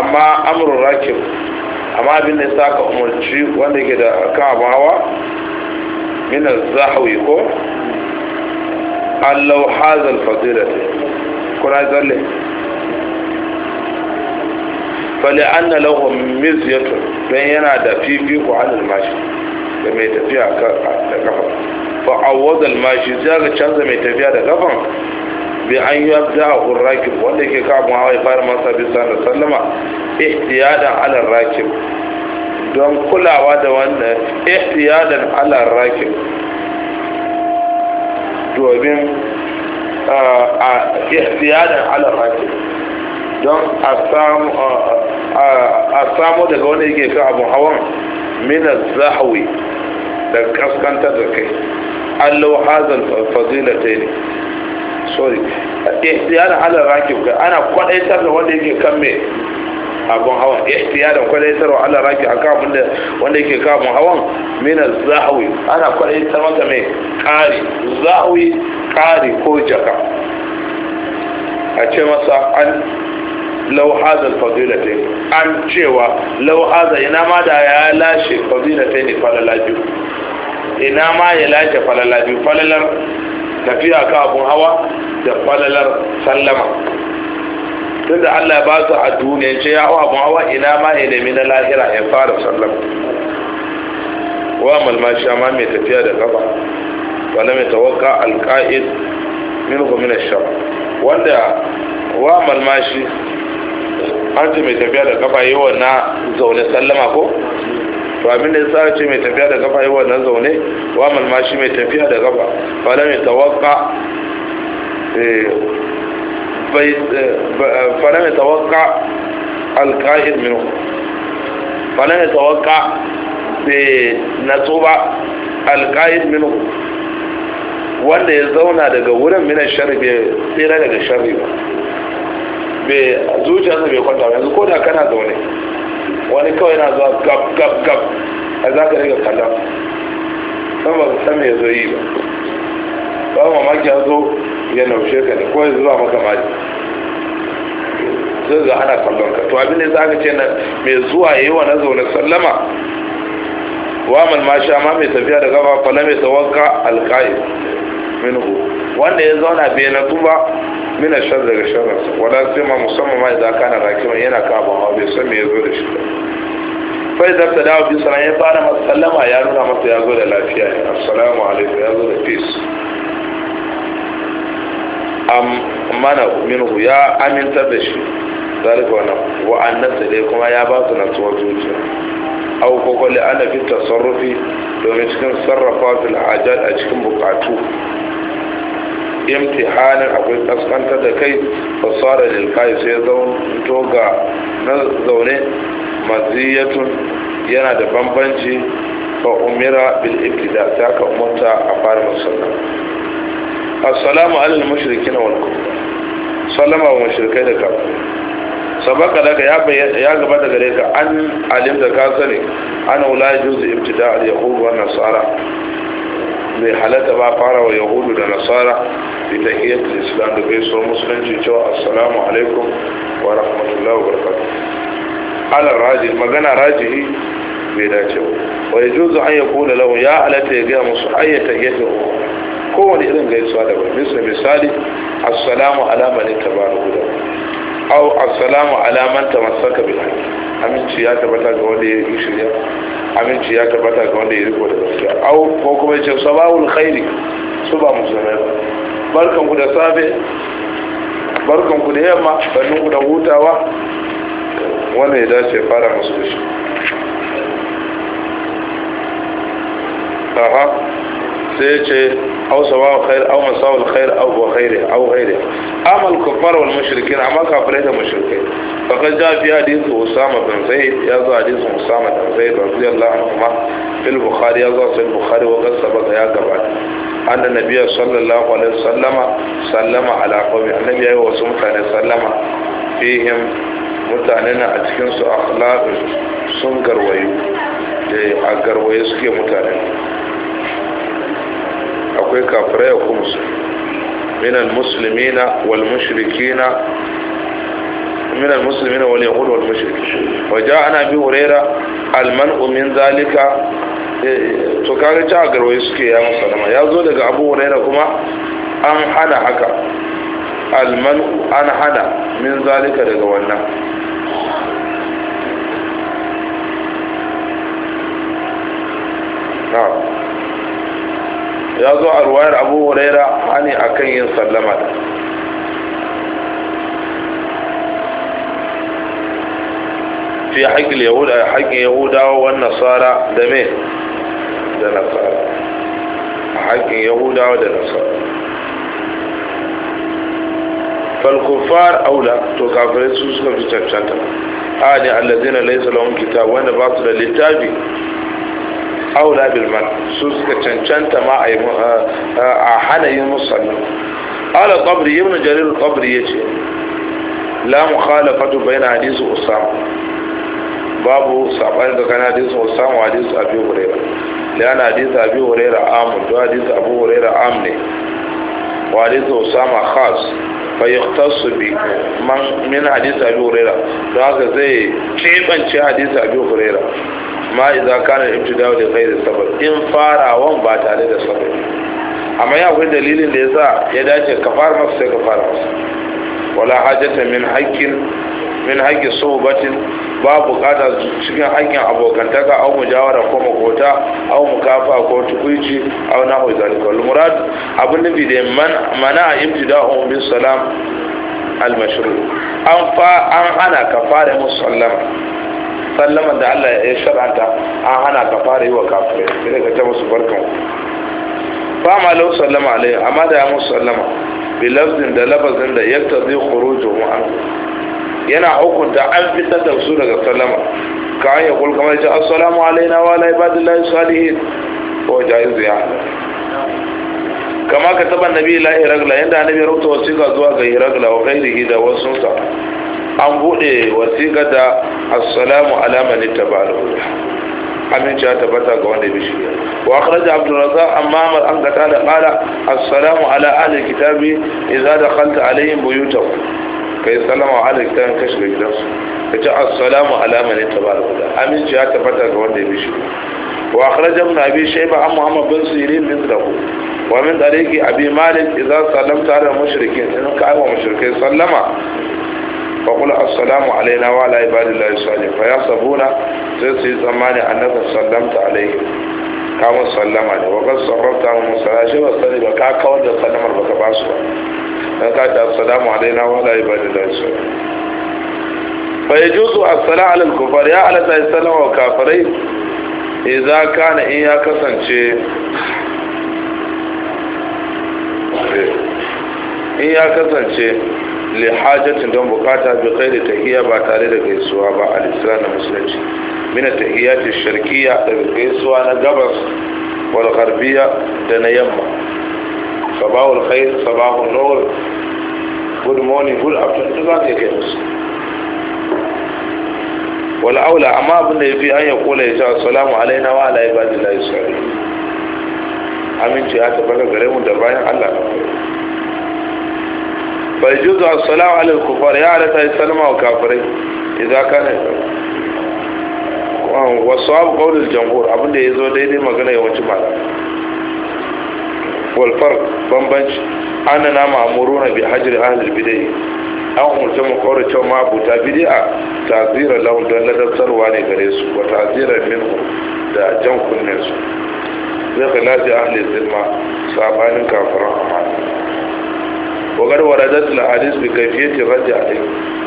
A: amma amrun rakib amma abin da sa ka umarci wanda ke da kan abin hawa min az-zahwi ko allahu hazal fadilati kuna zalle fali anna lahum mizyatu dan yana da fifiko an mashi da mai tafiya da kafa fa awwada mashi sai ga canza mai tafiya da kafan bi an yi abda a rakib wanda ke ka hawa ya fara masa bisa da sallama ihtiyadan ala rakib don kulawa da wannan ihtiyadan ala rakib domin a ah, ah, ihtiyadan ala rakib don a samu daga wanda yake kan abu hawan mina zahawi da kaskantar da kai allo hazan fazila ta ne sorry da halar rakib ga ana kwadaitar da wanda yake kan mai abun hawan da kwadaitar wa halar rakib a abin da wanda yake kan abun hawan mina zahawi ana kwadaitar masa mai kari zahawi kari ko jaka a ce masa an lau hazal fadilatai an cewa lau haza ina ma da ya lashe fadilatai ne falala biyu ina ma ya lashe falala biyu falalar tafiya ka abun hawa da falalar sallama tunda Allah ba su a duniya ce ya hawa abun hawa ina ma ya nemi na lahira ya fara sallama wa malmashi ma mai tafiya da kafa wala mai tawakka alka'id min min shar wanda wa malmashi an ce mai tafiya da kafa yi na zaune sallama ko to abin da ya sa ce mai tafiya da kafa yi na zaune wa malmashi mai tafiya da kafa fala mai tawakka eh, eh, fala mai tawakka alka'id minu fala mai tawakka bai eh, natsu alka'id minu wanda ya zauna daga wurin minan sharri tsira daga sharri ba zuciyarsa bai kwanta yanzu ko da kana zaune wani kawai yana zuwa gab gab gab a za ka riga kallon san ba san me zo yi ba ba mamaki ya zo ya naushe ka ne ko ya zuwa maka maji zai ga ana kallon ka to abin da za ka ce na mai zuwa ya yi wa na zaune sallama wa mal ma sha ma mai tafiya da gaba la mai tawakka alqa'i minhu wanda ya zauna bai na tuba من الشر للشر ولا سيما مصمما اذا كان راكبا يلا كعبا او بيسمي يزو da shi فاذا ابتدا في سلام يقال ما سلم يا نور ما يزو da lafiya السلام عليكم يا نور بيس ام من منه يا امن تبشي ذلك وانا وان نزل كما يا باس نتو جوجا او كقول انا في التصرف لو مشكن صرفات الحاجات اشكم بقاتو imtihanin akwai kaskanta da kai fasara da kai sai zaunto ga na zaune maziyatun yana da bambanci fa umira bil ibtida ta ka umarta a fara musulma assalamu alal mushrikin wal kufar sallama wa mushrikai da kafirai sabaka daga ya gaba daga gare ka an alim da ka sani ana wula juzu ibtida al yahud wa nasara bai halatta ba fara wa yahudu da nasara da tahiyyatul islam da gaisuwar musulunci cewa assalamu alaikum wa rahmatullahi wa barakatuh ala rajihi magana rajihi bai dace ba wa yajuzu an yakuna lahu ya halatta ya gaya musu ayyata yadda kowane irin gaisuwa da daban misali assalamu ala man tabaraka aw assalamu ala man tamassaka bil haqq aminci ya tabbata ga wanda ya yi shirya aminci ya tabbata ga wanda ya riko da gaskiya aw ko kuma ya ce sabahul khairi su ba musulmai ba barkan ku da safe barkan ku da yamma barkan ku da hutawa wanda ya dace fara musu da shi aha sai ya ce sabahul khairi au masawul khairi au khairi au khairi amal kuffar wal mushrikin amma kafirai da mushrikai faqad ja fi hadith usama bin zaid ya zo hadith usama bin zaid radiyallahu anhu fil bukhari ya zo sahih bukhari wa qad sabaqa ya gabata anna nabiyya sallallahu alaihi wasallama sallama ala qawmi annabi ya yi wasu mutane sallama fihim mutane na a cikin su akhlaqun sun garwayu eh, a garwaye suke mutane akwai kafirai a kuma su من المسلمين والمشركين من المسلمين واليهود والمشركين وجاء ابي هريره المنع من ذلك to kaga ta garwai suke ya musalama ya zo daga abu huraira kuma an hana haka alman an hana min zalika daga wannan ya zo a ruwayar abu huraira hani akan yin sallama fi haƙƙin yahuda haƙƙin yahudawa wan nasara da me da nasara haƙƙin yahudawa da nasara falkufar aula to kafirai su suka fi cancanta a ne allazina laysa lahum kitab wanda ba su da littafi aula bil man su suka cancanta ma a hana yin musalli ala qabri ibn jarir lamu yace la bai na hadisi usama babu sabani da na hadisi usama wa hadisi abi hurairah lian hadisi abi hurairah am da hadisi abu hurairah am ne wa hadisi usama khas fa yaqtasu bi man min hadisi abi hurairah da haka zai cebance hadisi abi hurairah ma iza kana ibtida'u da ghairi sabab in farawan ba tare da sabab amma ya akwai dalilin da yasa ya dace ka fara masa sai ka fara masa wala hajata min haqqin min haqqi subatin ba bukata cikin haƙƙin abokantaka au mujawara ko makota au mukafa ko tukuici au nahu zalika al murad abun nabi da man mana ibtida'u bis salam al mashru an fa an hana ka fara musallama sallama da Allah ya shar'anta an hana ka fara yi wa kafirai sai ka ta musu barka fa ma law sallama alai amma da ya musu sallama bi lafzin da lafzin da yaktazi khurujuhum an yana hukunta an fitar da su daga sallama ka ya kul kamar ta assalamu alaina wa ala ibadillahi salihin ko jaiz ya kama ka taba nabi lahi ragla yanda annabi rubuta wasiqa zuwa ga iragla wa ghairihi da wasu wasunsa an buɗe wasiƙa da assalamu alamani ta ba alhuda aminci ya tabbata ga wanda bi shirya wa akhraja abdul razzaq amma mar an gata da qala assalamu ala ahli kitabi idza dakhalta alaihim buyutahum kai salama wa ahli kitabin kashi shiga gidansu Ka kace assalamu ala man tabaraka aminci ya tabbata ga wanda bi shirya wa akhraja ibn abi shayba an muhammad bin sirin mithlahu ومن طريق أبي مالك إذا da على in ka كانوا مشركين sallama. faƙul assalamu alaina wa ala ibadillahi salih fa yasabuna sai su yi tsammani annaka sallamta alaihi ka mun sallama ne wa kan sarrafta mun sallashi ba sani ba ka kawar da sallamar baka ba su ba dan ka ta assalamu alaina wa ala ibadillahi fa ya ala ta in ya kasance lihajatin don bukata bi khairi tahiyya ba tare da gaisuwa ba al na musulunci min tahiyyat ash-sharqiyya da gaisuwa na gabas wal gharbiyya da na yamma sabahul khair sabahun nur good morning good afternoon za ka kai musu wal aula amma abin da yafi an ya kula ya ce assalamu alaina wa ala ibadillahi salih aminci ya tabbata gare mu da bayan Allah na kai bai juzu assalamu alal kufar ya halatta ya salama wa kafirai idza kana wasu abu kawulul jamhur abinda ya zo daidai magana yawancin malamai walfar bambanci ana na ma'amuru na bi hajjiri ahalil bidai an umarci mu kawar buta ma'abuta bidi'a tazira launin don ladabtarwa ne gare su wa tazira minhu da jan kunnen su zai a ahalil zilma sabanin kafiran amana wagar waradat na hadis bi kafiyati raja ali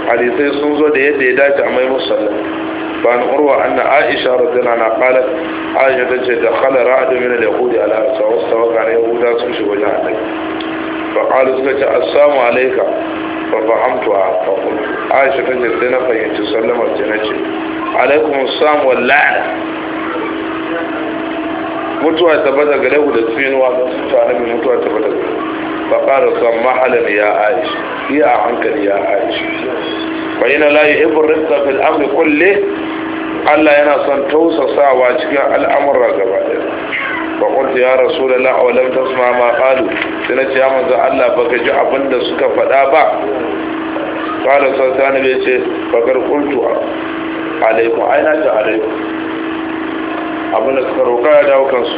A: hadisai sun zo da yadda ya dace a mai musalla ba an urwa aisha radina na kala aisha ta ce da kala ra'adu mina da yahudi ala sawa sawa ga na yahuda sun shi wajen annabi fa qalu suka ce assalamu alayka fa fahamtu a faqul aisha ta ce sai na fahimci sallama ce na ce alaikum assalam wal mutuwa ta bada gare ku da tsinuwa ta annabi mutuwa ta bada gare ku فقال سمحلا يا عائش هي عنك يا عائش فإن لا يحب الرفق في الأمر كله Allah yana son tausasawa cikin al'amura gaba ɗaya ya rasu da la'aulam ta suna ma ƙalu sai ce ya manzan Allah ba ka ji da suka faɗa ba ƙalu sassani bai ce bakar kultu alaikun aina ta alaikun abin da suka roƙa ya dawo kansu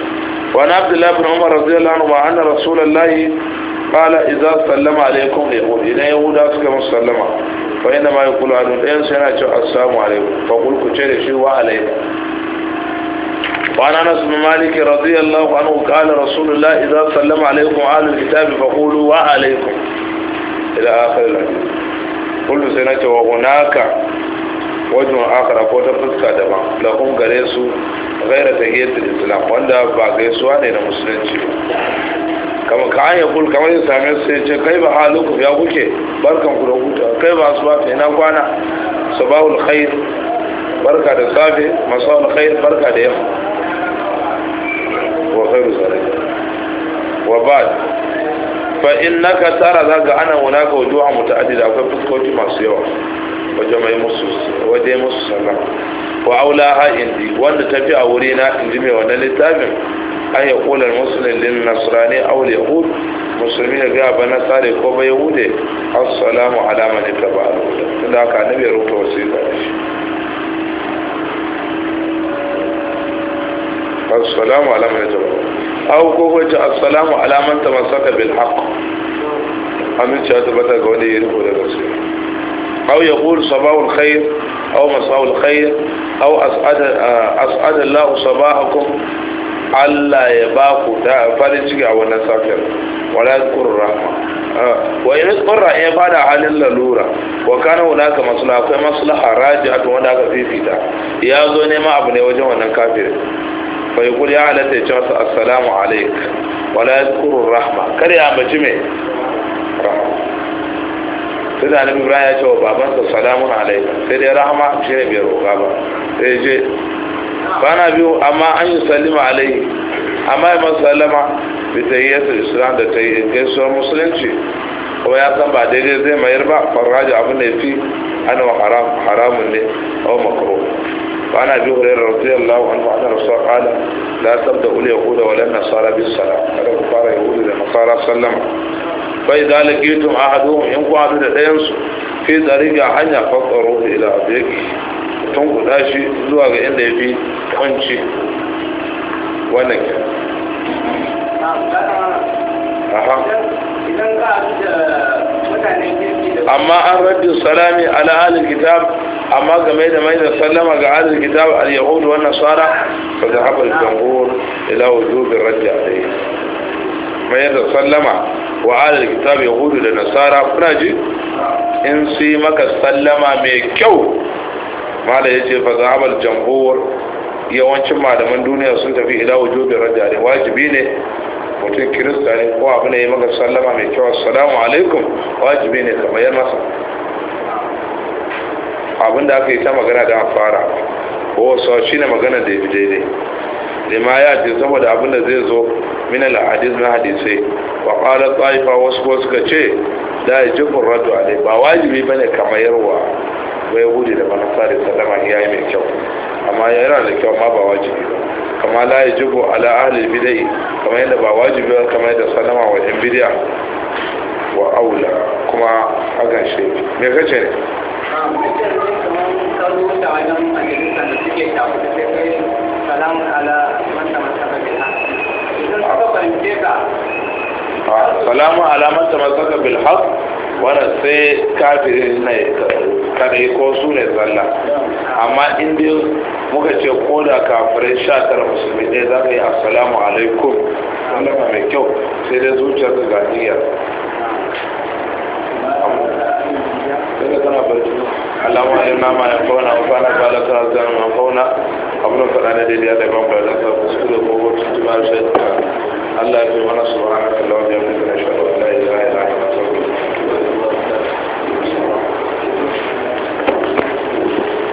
A: wani abdullahi umar qala idza sallama alaikum yahud idan yahuda suka musu sallama fa inna ma yaqulu adu dayan sai yana cewa assalamu alaikum fa qul ku ce da shi wa alaikum وعن انس بن مالك رضي الله عنه قال رسول الله اذا سلم عليكم اهل الكتاب فقولوا وعليكم الى اخر الحديث قلت سنه وهناك wajen akara ko ta fuska daban lahun gare su gaira ta islam wanda ba gaisuwa ne na musulunci kama ka an yakul kamar yin same su sai ce kai ba haluku ya kuke barkan ku da huta kai ba su ba bata ina kwana su sabahul khair barka da safe masawul khair barka da yamma wa khairu zare wa ba'd fa innaka tara zaka ana hunaka wujuha mutaaddida akwai fuskoki masu yawa wajen mai musu wajen musu sallah wa aula aulaha indi wanda tafi a wuri na inji mai wannan littafin an ya kula musulun din nasrani aul yahud musulmi ya gaba na tsare ko bai yahude assalamu ala man ittaba al-huda da haka annabi ya rubuta wasiƙa da shi assalamu ala man ittaba au ko ko ce assalamu ala man tamassaka bil haqq amince ta bata ga wanda ya riko da gaskiya au yaqul sabahul khair au masaul khair au as'ada as'ada Allah sabahakum Allah ya ba ku ta farin ciki a wannan safiyar wala yadkur rahma ah, wa in qurra ya fada halin lalura wa kana hunaka maslaha akwai maslaha a wanda aka fifita ya zo ma abu ne wajen wannan kafir fa yaqul ya halatta ya ce masa assalamu alaik wala yadkur rahma kar ya ambaci me sai da annabi ibrahim ya ce wa babansa salamun alaik sai dai rahma shi ne bai roƙa ba sai ce bana biyu amma an yi salima alaihi amma ya masu salama bita yi yasa islam da ta yi gaisuwar musulunci kuma ya san ba daidai zai mayar ba faraja abu ne fi an wa haramun ne a wa makaro bana biyu hulayar rarrafi allah wa anuwa ta rasuwa kala la sab da uli ya wa lan nasara bi sala kada ku fara ya yahuda da nasara sallama bai zalikitum ahadum in ku hadu da dayan su fi dariga hanya fasaru ila abiyaki tunkuɗa shi zuwa ga inda ya fi kwanci wannan ke amma an rabbi salami ala alil kitab amma game da mai da sallama ga alil kitab al Yahudu, wa nasara ba ta habal jamhur ila wujubi raddi alayhi mai da sallama wa alil kitab yahud da nasara kuna ji in su yi maka sallama mai kyau mala ya ce fa zahabar jamhur yawancin malaman duniya sun tafi ila wujubin rajali wajibi ne mutum kirista ne ko abu ne ya maka sallama mai kyau assalamu alaikum wajibi ne kamar ya masa abinda aka yi ta magana da fara ko wasu shi ne magana da yafi daidai ma ya ce saboda abinda zai zo min al na hadisai wa qala taifa wasu ko suka ce da jibur radu alai ba wajibi bane kamar yarwa kuma ya gode da manasa da sallama ya yi mai kyau amma ya yana da kyau ma ba wajibi ba kama la ya jibo ala ahli bidai kama yadda ba wajibi ba kama yadda sallama wa yan bidiya wa aula kuma hakan shi me kace ne salamu alaman tamasaka bil haq wannan sai kafirin na kada yi ko su ne zalla amma in muka ce ko da kafirai sha tara musulmi ne za ka yi assalamu alaikum wanda ba mai kyau sai dai zuciyar ka ga niyyar daga tana barci alama ya nama ya fauna fana ba da ta zama fauna abin da faɗa ne daidai ya da ban ba da ta fuskula ko wata jima'a shaita Allah ya fi mana subhanahu wa ta'ala da bihamdihi nashhadu an la